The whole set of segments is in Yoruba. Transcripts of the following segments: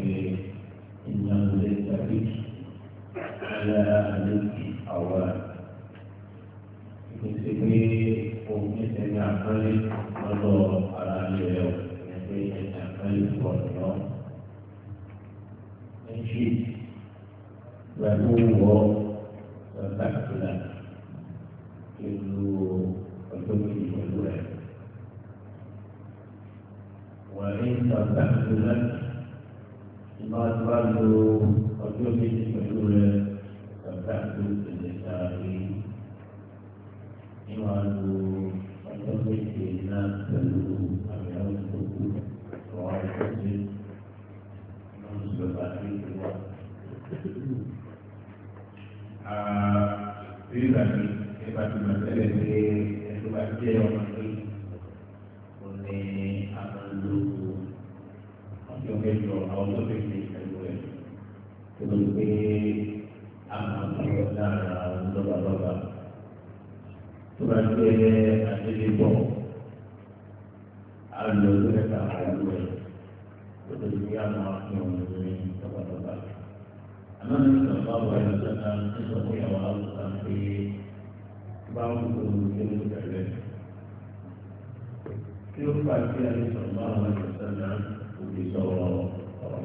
pé iná lè tàbí ẹlẹ́ àlejò àwọn ìpèsè pé òun ní ẹ̀yà àpẹẹrẹ. jẹ́ àdébíbọ̀ alò lóríta àlù ẹ̀ lórí ìgbé àwọn akéwọn lórí tọ́pọ̀tọ́pọ̀ rẹ̀. àmọ́ ní ìjọba wà lọ́jọ́ náà ní ìjọba ìyàwó àwòrán pé bá ń kó lórí tẹ̀lé. kí ó fà sí àyẹ̀sọ̀gbà àwọn ìjọba náà òbí sọ̀rọ̀ ọ̀rọ̀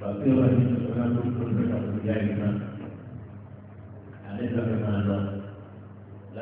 bàbá ìwà ìjọba náà ló kó lórí àwọn ìyá ìgbà àlejò àgbà náà lọ.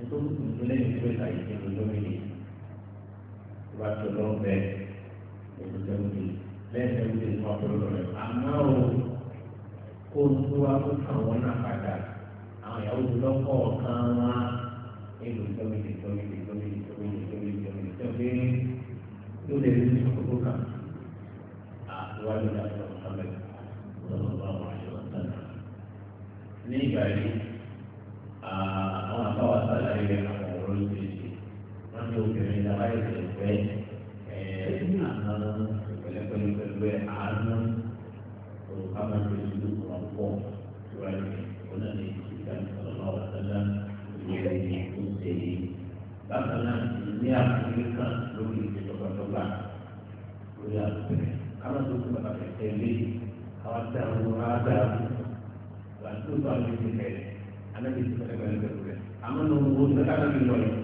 ètò ìdúró lẹ́yìn tó ìta yìí kéwòn lórí tó bá tó lọ́wọ́ bẹ́ẹ̀ ètò ìdúró lẹ́yìn tó ìdúró lọ́wọ́ tó lọ́wọ́ rẹ̀ àmọ́ o kó tó wá kó àwọn náà padà àwọn ìyàwó tó lọ́kọ̀ kan wá èlò ìdúró ìdúró ìdúró ìdúró ìdúró ìdúró ìdúró yóò lè rí ní kókó kan àtiwájú dàpọ̀ Muhammad lọ́wọ́ bá wà ní ọ̀sán ní ìgbà yìí àlàyé àwọn ọ̀rọ̀ ìgbésí wọ́n ní obìnrin ìjàmbá ìgbẹ̀fẹ́ àná pẹ̀lẹ́pẹ̀lẹ́ pẹ̀lú ẹ̀ àánú òrùka máa ń lè lu ọ̀rọ̀ pọ̀ ìwádìí ọ̀nà ní ìsìnkú ọ̀nà ọ̀sánná ìwé ìlú ṣe é. bákan náà ní àkókò kan lórí ìdìbòbàdọ́gba lórí àkókò káwọn tó kú bàbá tẹ̀lé àwọn tí àwọn ará dáa wà tó bá wọn ti tẹ̀lé alẹ́ àmọ́ ní owó ní ká lóbi lọ yìí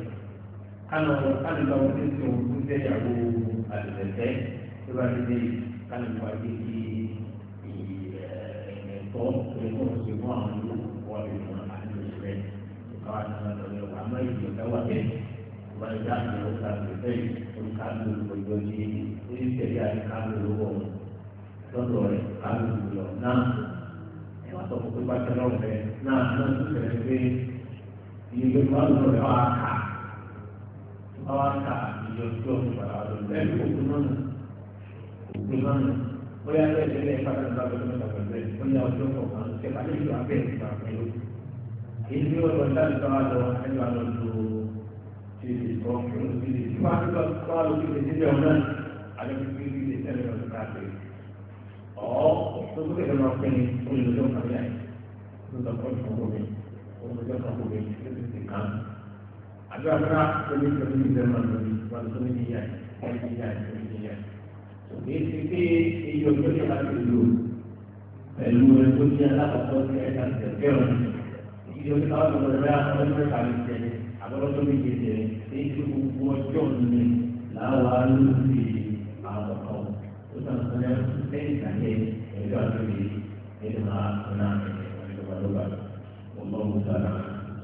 kánú kánú lọ sí ti òun eh, tó jẹ́ ìyàwó àdìrẹ̀tẹ́ tó bá ti dé kánú wá dé kí ẹ̀tọ́ pé kó o ṣe fún àwọn ìlú wọ́n lè mọ àdìrẹ̀ rẹ̀ káwá ní wọn lọ yọ àmọ́ ìlú ọ̀gá wà bẹ́ẹ̀ wọ́n lè dá àwọn ọ̀gá àdìrẹ̀tẹ́ rẹ̀ kálù olùyọ̀ náà ẹ̀wọ̀n tó kọ́ pé bá tẹ́lọ̀ rẹ̀ náà náà tó iye máa ń lọ bá a kà bá a kà iye ọjọ́ ìgbàlá lọ lẹ́nu òkú náà òkú náà ó yà bẹ́ẹ̀ tẹ́lẹ̀ ìpàdé ìgbà pẹ̀lú ìgbà pẹ̀lú ó yà ọjọ́ kọ̀ọ̀kan ṣẹ̀fà ní ìgbà bẹ́ẹ̀ ìgbà pẹ̀lú. èyí ni ó lọ dájú tó wá lọ ẹni wà lọ lu ti lè sọ fún un ti lè tí wàá tó tó wà lókè lè níbẹ̀ ọ̀nà alẹ́kùnkùn ti lè tẹ́lẹ̀ lọ sí káàkiri. ọ̀ tó tó kẹ̀kẹ́ lọ pẹ́ ni olùdókòwò addu'a ta kuma ta kuma da manzon wanda kuma ni ya ni ya ni ya to ne sai sai yi yo ko ya ta yo pẹ̀lú ẹgbẹ́ tí alákọ̀ọ́kọ́ ti ẹ̀ka tẹ̀lé wọn ìdí omi káwọn ọmọ rẹ àwọn ọmọ rẹ kàwé tẹ àbọ̀rọ̀ tó méje tẹ ní ìlú gbogbo ọjọ́ ní làwọn alóòfì àwọn ọ̀kan ó sàn fún ẹ lẹ́yìn ìtàgé ẹ̀jọ́ àtúndì ẹ̀jọ̀ máa ń ná ẹ̀jọ̀ wà lọ́wọ́ ọlọ́run sára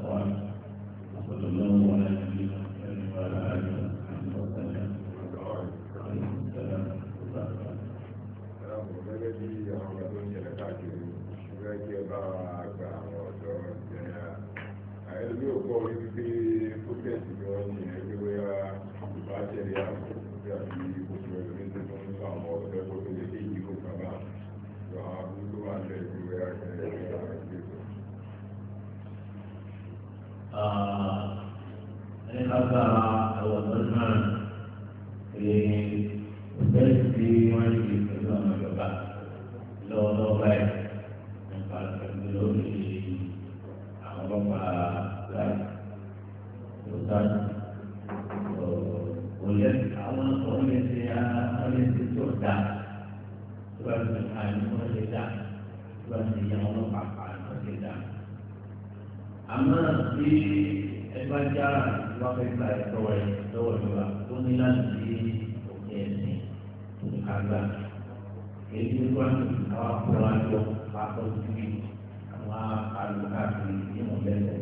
ọ̀hún. والله أعلم dá tó bá ti àyè wọn lè dá tó bá ti yẹ wọn lọ́pàá àyè wọn lè dá. àmọ́ bí ẹ bá wọn fẹ́ gba ẹ̀tọ́ rẹ lọ́wọ́ ìjọba tó ní láti di òkè ẹ̀sìn tó ní ká gbà. èyí tó wà ní àwọn akọ̀rọ̀ àjọ àkọ́ síbi àwọn alùpàkì ìmọ̀ lẹ́sẹ̀.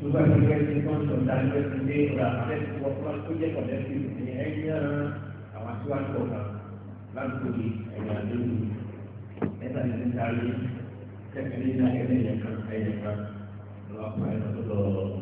Juga juga di konsumsi dan juga di rakyat, buat-buat kerja pada diri ini, síwájú ọ̀kan láti fi ẹ̀yà lórí ẹ̀ta ní ti sáré kẹ́kẹ́ ní ìdá ẹ̀yẹ kan ẹ̀yẹ kan lọ́wọ́ pa ẹ̀rọ tó lọ́ọ́.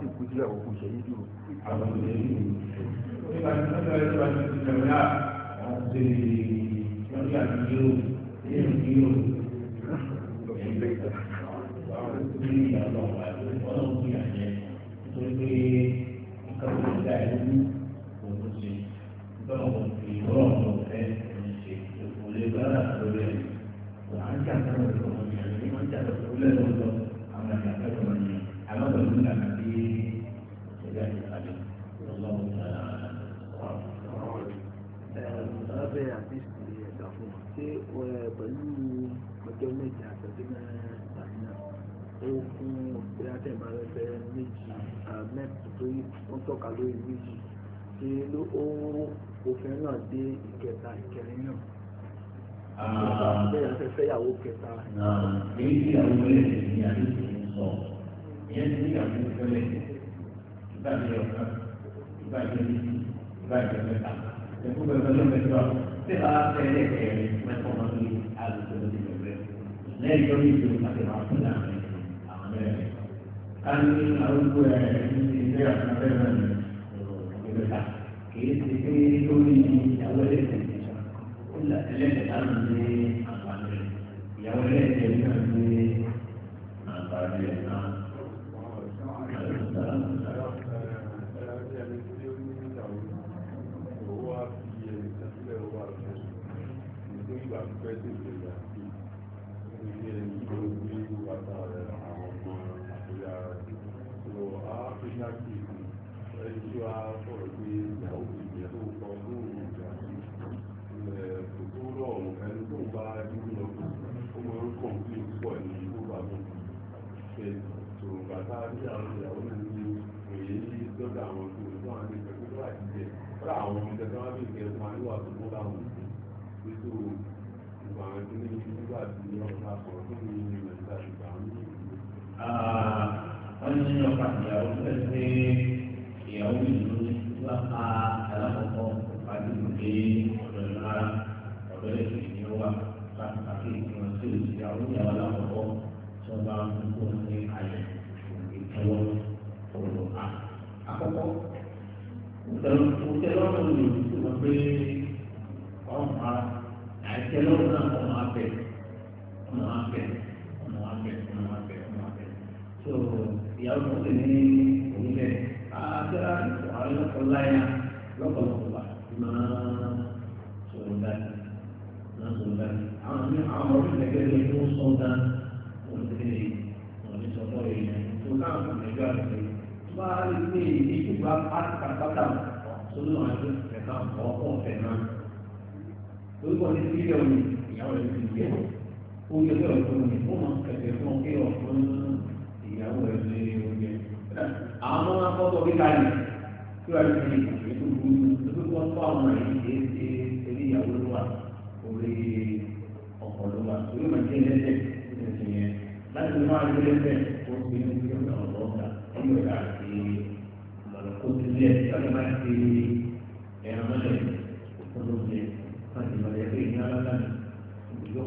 sì kú sílẹ̀ òkú ṣèyí dùn. àwọn ọmọdé yìí nígbà tí wọ́n tẹ̀lé ìgbà tí wọ́n ti tẹ̀lé náà wọ́n ti ṣe ìjọ́jú àti yóò fẹ́ àtẹ́sì ẹ̀dà fún wa ṣé pẹ̀lú ọjọ́ méje àtẹ̀jẹ́ tàbí náà ó fún òṣèré àtẹ̀mọ́lẹ́fẹ́ méjì mẹ́tò tó ń tọ́ka lórí méjì ṣé ló ó òfin náà dé ìkẹta ìkẹrin náà èyí tí àwọn ọmọ ní àdúgbò ń sọ ìyẹn tí àwọn ọmọ ẹlẹ́sìn ìbáraẹni ọ̀kan ìbáraẹni ìbáraẹni mẹ́ta ẹ̀kú bẹ́ẹ̀ bẹ́ẹ̀ lọ́mọ ẹ̀dọ́ bẹ́ẹ̀ bá tẹ̀lé ẹ̀rẹ́ mẹ́tọ́ wọn ní àlùkò ní ìbẹ̀rẹ̀ lẹ́yìn tó ní ìlú àti àwọn fúnà àwọn ẹ̀rẹ́ káni arúgbó ẹ̀rẹ́ ní ilé àtúntẹ̀rẹ̀ ní ìbẹ̀ta kì í ti pé lórí ìyàwó ẹlẹ́sẹ̀ ó lẹ́sẹ̀ láti ní jẹ tó bàtà bí àwọn ìyàwó náà ní òye lọ́dọ̀ àwọn tó tó àwọn ìgbẹ́ tó bá ti jẹ àwọn ọmọ ìjọba wọn bí ìgbẹ́ tó máa ń tó kó láwọn òkú títú ìgbà àwọn tó ní nígbà tí ọ̀gá kan tó ní ìrìnàjò àti ìgbà wọn. Ah, wọ́n ní ọ̀pá ìyàwó ìyàwó ìlú wá pa alákọ̀ọ́kọ́ pàdé pẹ̀lú oṣù lọ́nà ló ń tún pé ọ̀hún a àìsẹ́ lọ́wọ́ náà ọ̀nà abẹ́ ọ̀nà abẹ́ ọ̀nà abẹ́ ọ̀nà abẹ́ ọ̀nà abẹ́ so ìyàwó tó ti ní onílẹ̀ àti àìsàn àwọn ọlọ́kọ̀ọ́láyà. ọkọ̀ ọ̀fẹ́ náà lórúkọ ní sílẹ̀ òní ìyàwó rẹ̀ ti yẹ oúnjẹ tó yọ fún mi ó máa ń fún kí ọ̀ fún ìyàwó rẹ̀ lé oúnjẹ. àwọn ọmọ máa bí ká yìí kí wàá fi ìgbésẹ̀ tó burú lórí kó tó àwọn ìdílé ṣe eré ìyàwó ló wà orí ọkọ̀ ló wà orí màá jẹ́ lẹ́sẹ̀ lẹ́sẹ̀ yẹn láti máa jẹ́ lẹ́sẹ̀ ó ti ní kí ọ̀gá ọ̀gá ọ̀gá ọ̀gá àti ọ̀gá kó tilẹ̀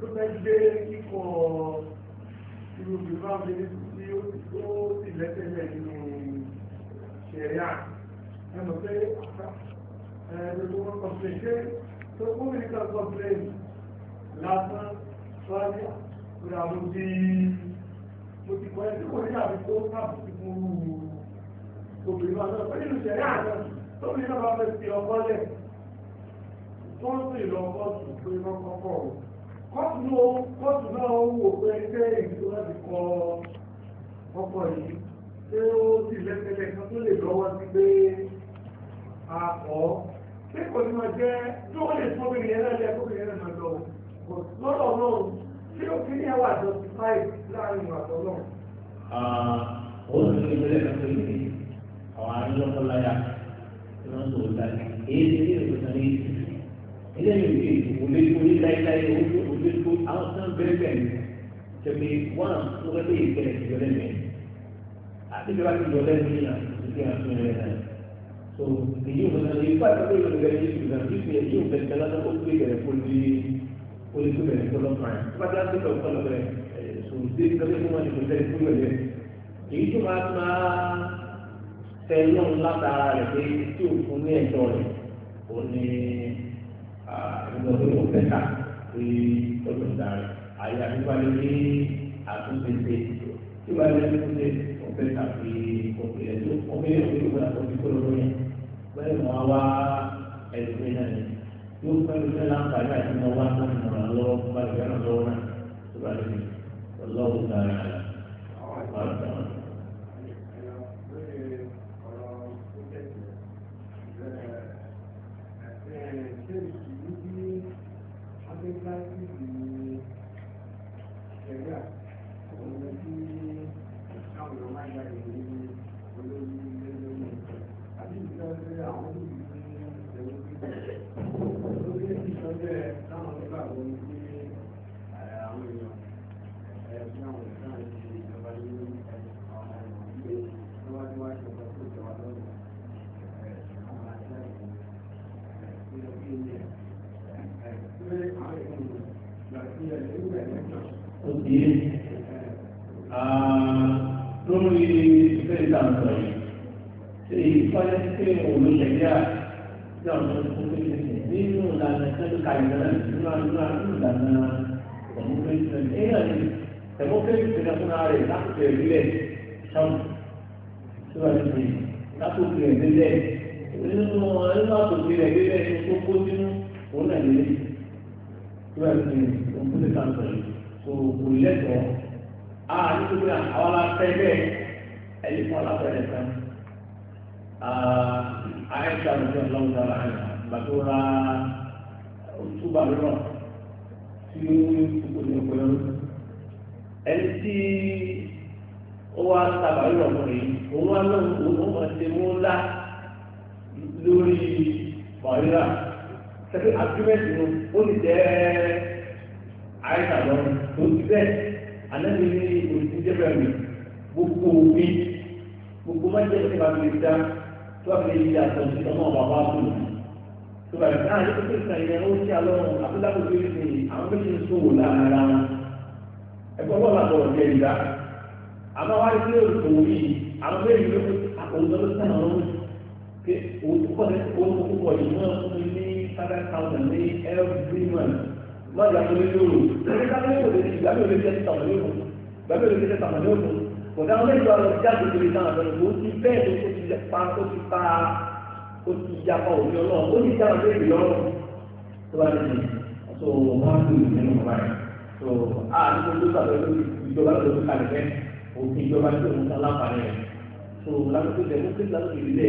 ló fẹ́ gbé kíkọ́ irú bíbá obìnrin tí ó ti lẹ́sẹ̀lẹ̀ nínú ṣẹ̀ríà ẹnu pé gbogbo wọn kọ̀pìlẹ̀ ṣe tó kún mi kan kọ̀pìlẹ̀ lásán sọ́ọ́dí ìrà mo ti mo ti kọ́ ẹ̀ tí kò ní àbí tó káàbù sí fún obìnrin náà lọ́wọ́ nínú ṣẹ̀ríà náà tó bí náà bá fẹ́ fi ọkọ́ lẹ̀ tó ń sì lọ ọkọ́ sùn pé wọ́n kọ́kọ́ ọ̀hún kọ́ọ̀tù kọ́ọ̀tù náà wò pé ṣé ìlú láti kọ ọkọ̀ yìí ṣé ó sì lẹ́sẹ̀lẹ̀ kan tó lè lọ́wọ́ sí pé àpọ̀ ṣé kò ní máa jẹ́ tí ó lè fún obìnrin yẹn lẹ́lẹ́ fún obìnrin yẹn máa lọ kò lọ́dọ̀ náà ṣé ó fi ní ẹwà àjọsí five láàrin àtọ̀ náà. ó sì ní ìgbélé kan tó yìí àwọn arúgbókòláyà tí wọ́n ń sọ̀rọ̀ dáadáa èyí ti ní ìròyìn ilé ìwé ìwòlé ìwòlé láíláí ó gbé tó àwọn kan bẹ́ẹ̀ bẹ́ẹ̀ ni tẹ̀lé wọ́n à ń tó ẹgbẹ́ yìí bẹ́ẹ̀ ti yọlẹ́ mi àti bí wọ́n ti yọlẹ́ mi náà ti fi hàn fún ẹ̀ náà so èyí ò náà èyí fún àtàkùn ìlú rẹ̀ yìí ìgbà tí ìgbà yìí ò bẹ̀rẹ̀ lọ́dọ̀ ó gbé bẹ̀rẹ̀ fún mi ó lè tó bẹ̀rẹ̀ tó lọ́kàn rẹ̀ tó bá dá sí lọ́kàn lọ́ bẹ̀rẹ̀ so ṣé kẹ́lẹ́ fún wọn ìgbésẹ̀ fún ìwẹ̀lẹ̀ èyí tó máa máa tẹ lọ́n látara rẹ̀ pé tí ò fún ní ẹ̀tọ́ rẹ̀ ó ní ìgbà tó lọ́ pé ọdún dàrẹ àyè àbíwájú ní àtúnṣe ṣe tí wàá lè tún ṣe ọ̀fẹ́ tàbí ọ̀fẹ́ ẹ̀dọ́ ọ̀fẹ́ ẹ̀dọ́ ìwé àkọ́bí kọ́ lọ́wọ́ yẹn bẹ́ẹ̀ mọ́ wá ẹ̀dùnmí náà ni yóò fẹ́ lóṣù láǹfààní àti mọ́ wá náà ní ọ̀rọ̀ lọ́wọ́ bá lè fẹ́ràn lọ́wọ́ náà tó bá lè ní ọlọ́wọ́ dàrẹ àlà àwọn àgbà lórí ilé ìlànà yìí ṣe ìfọ́lẹ́ pé olùṣẹ̀yà ní ọ̀dọ́ tó kéde nínú ìlànà ìtọ́jú kàìlá nínú àdúrà nínú ìlànà ìdàmúfẹ́sẹ̀ ẹ̀yà ni ẹ̀mọ́fẹ́sẹ̀ ní ọkùnrin rẹ̀ láti ìrìlẹ̀ sọ́n tó wà níbi láti ìrìlẹ̀ lélẹ̀ nínú ẹ̀rọ àtòkìrẹ̀ lélẹ̀ tó kó sínú tó wà níbi òun kúlẹ̀ kàǹtọ̀ yìí kò lẹ́tọ̀ọ́ àà nítorí àwọn aláfẹ́ bẹ́ẹ̀ ẹ̀yí fún aláfẹ́ kan àìsà lójú ọlọ́run dára ìgbà tó ra òtúbà lọ́rọ̀ tí ó kúkú ní ọgbẹ́ lọ́rọ̀ ẹni tí ó wá sábà lọ́rọ̀ mọ́ yìí òun wá lọ́rùn òun wọ́n ti mú ńlá lórí bàrírà sẹ́kẹ́ àgbẹ̀mẹ̀tì ànábi ní olùdíjẹ́bẹ̀ mi gbogbo omi gbogbo májèlé ti bàbá mi dá tó bàbá mi dá tó ti ọmọ bàbá tó mi tó bàbá mi náà yóò tó sàn yẹn ó ti àlọ́ àbúdáwò tó yẹ ní àwọn méjì ń sòwò lára wọn ẹgbẹ́ bọ́ọ̀lù àbọ̀rọ̀ jẹ́ ìdá àmọ́ wáyé tí yóò tó wí àwọn méjì ló àkóso ló sàn ọ́n pé òun kọ́ ní owó púpọ̀ yìí náà fún mi ní five thousand ní every month lọ́jà tó ní lóru lórí káfíńtì kò lè ti gbàgbé olè jẹ́ tàwọn yóò fún gbàgbé olè jẹ́ tàwọn yóò fún kò dáhùn lẹ́yìn lọ́wọ́ jáde lórí náà lọ́wọ́ ó ti bẹ́ẹ̀ ló ti pa ó ti pa ó ti yapa òfin ọlọ́run ó ti jáde lórí ìlú ọ̀rọ̀ tó bá ti so wọ́n ti lù nínú ọ̀rọ̀ rẹ̀ so a ní gbogbo sàlẹ̀ lórí ìjọba lórí kalẹ̀ fẹ́ òfin ìjọba tó ń sá láǹfààní rẹ̀ so lásìkò tẹ̀ ó ti lásìkò ilé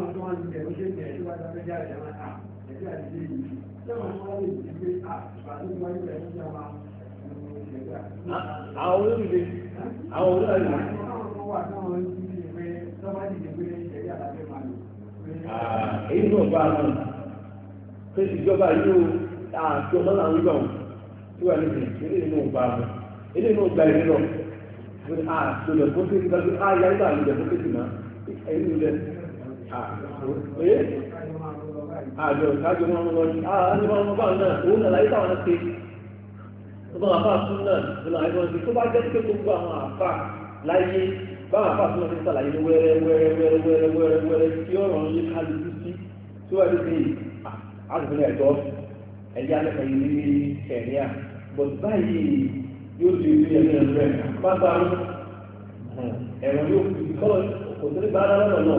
táwọn tó wá ń tẹ̀ ó ṣe tẹ̀ tó wá dábẹ́ jáde wọn à ẹ̀sẹ̀ àdìsí yìí táwọn tó wá lè ti gbé à pàtó wáyé rẹ̀ ń jà wá àwọn olóògbé àwọn olóògbé. èyí náà bá a pé ìjọba yóò àti ọmọ náà ń gbọ̀n tí wà níbi eléyìí náà bá a mọ̀ eléyìí náà gba ìrìnà àti olùdókòtò àjọ ìtajọ wọn lọ ní àárín wọn lọ bá náà òun nàlàyé táwọn ṣe gbogbo àwọn àfáà tún náà ìlànà àìsàn ṣe tó bá jẹ́ pé gbogbo àwọn àfáà láyé báwọn àfáà tún náà ti ń sàlàyé ní wẹ́rẹ́wẹ́rẹ́wẹ́rẹ́wẹ́rẹ́ tí ọ̀rọ̀ yìí kálukú sí tí wọ́n ti ṣe àtúnfẹ́ ẹ̀tọ́ ẹ̀yà lẹ́kọ̀ọ́ yìí ní kẹ̀ríà bọ̀ báyìí yóò ti rí ẹ̀mí rẹ̀ pápá ẹ̀rọ yóò fi kọ́ òṣèré bá ara lọ́nà náà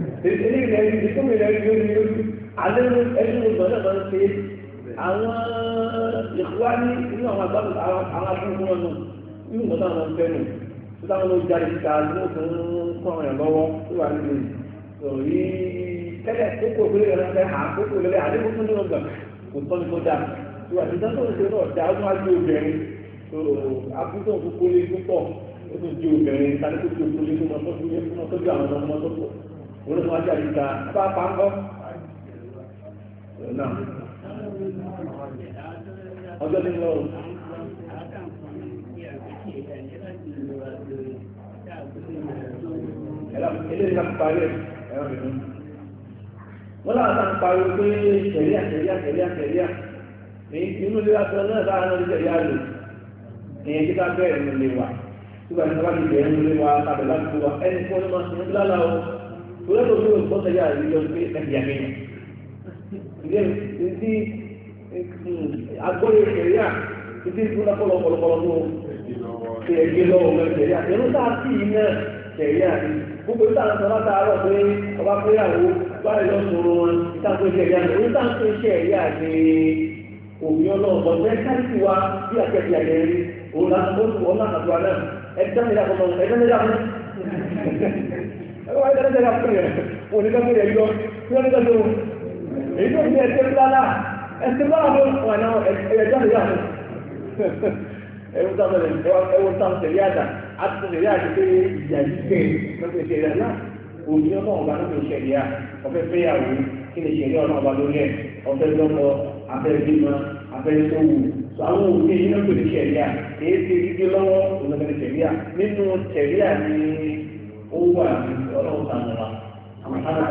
eléyìí ẹni ìdíkùnmí rẹ yóò ní lójú alẹ́ ẹni ló gbọ́dọ̀ lọ sí àwọn ìwádìí àwọn agbábọ̀ àwọn akúnkún wọn náà nínú ìgbọ́dọ̀ àwọn ọ̀fẹ́ nù tó táwọn ló jáde síta ló fún fún àwọn ìrànlọ́wọ́ tó wà olóṣùwọ̀n àti àyíká bá pa ń kọ́ ọjọ́ ní lọ eléyìí ká parí ẹ̀ ẹ̀rọ ìlú wọ́n láwọn tá ń parí pé kẹ̀ríà kẹ̀ríà kẹ̀ríà kẹ̀ríà inú ilé wa sọ náà sáà náà níbẹ̀ yá lò ìyẹn kíkà bẹ́ẹ̀ ń lè wà nígbà tí wọ́n bá ti bẹ̀rẹ̀ ń lè wà tàbí láti wà ẹni fún ọdún máa ń lálàá o. Sudah tu suruh kau saja video ni kan dia ni. Dia ini aku ni kerja, ini pun aku lalu lalu lalu kerja gelo kerja. Kalau tak sini kerja, bukan tak salah salah tu apa kerja tu. Báyìí lọ sọ̀rọ̀ wọn, ìtàkùn ìṣẹ̀yà ni, ìtàkùn ìṣẹ̀yà ni òbí ọlọ́ọ̀bọ̀ mẹ́kánìkì wa bí àkẹ́kẹ́ àgẹ́rẹ́ òun láti mọ́tò ọ̀nà àtúwà náà ẹ̀dá mi lákọ̀ọ́ ẹ̀dá mi lákọ̀ọ́ wáyé tẹ́lẹ̀ tẹ́lẹ̀ fún yẹn òní kẹ́kọ̀ọ́ yẹn yọ kí wọ́n tẹ́lẹ̀ tó èyí tó fi ẹsẹ̀ ńláńlá ẹsẹ̀ ńláńlá ló wà náà ẹ̀yẹ jáde yà mí ẹwọ́n sábà lè ẹwọ́n sábà tẹ̀lé àdá àti tẹ̀lé àti pé ìyà yìí tẹ̀ lọ́sẹ̀ tẹ̀lé àdá òní ọ̀nà ọ̀gá ló ń ṣẹ̀lẹ̀ à ọ̀fẹ́ fẹ́yàwó kí ni ìṣẹ̀lẹ̀ ọ̀nà ọ̀gá lórí ẹ̀ ọ̀fẹ́ lọ́kọ abẹ́ bímọ abẹ́ sówù àwọn òní yìí ló ń pè ní ṣẹ̀lẹ̀ à èyí ti rí gbé lọ́wọ́ òní ó wà ọlọ́run tààlà wa. Ìgbà wa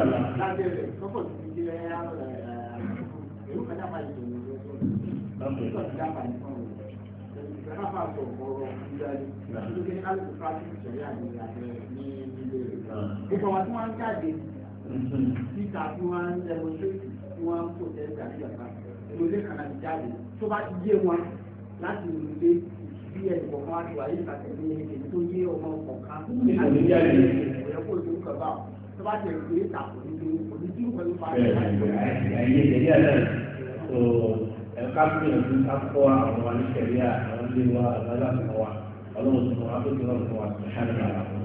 tí wọ́n títa tí wọ́n ń dẹ́mọ́trétì tí wọ́n ń pòtẹ́tì àti ìjọba lóde kan láti jáde tó bá yé wọn láti ìlú bí ẹnì kọ̀ọ̀kan wá ti wà yìí kàtẹ́lẹ́ èyí tó yé ọmọ kọ̀ọ̀kan láti yẹ ọ̀yẹ́ àwọn wa àwọn ilé wa àgbàdo àtàwà ọlọ́run tó wà á tó tó lọ́rùn tó wà sí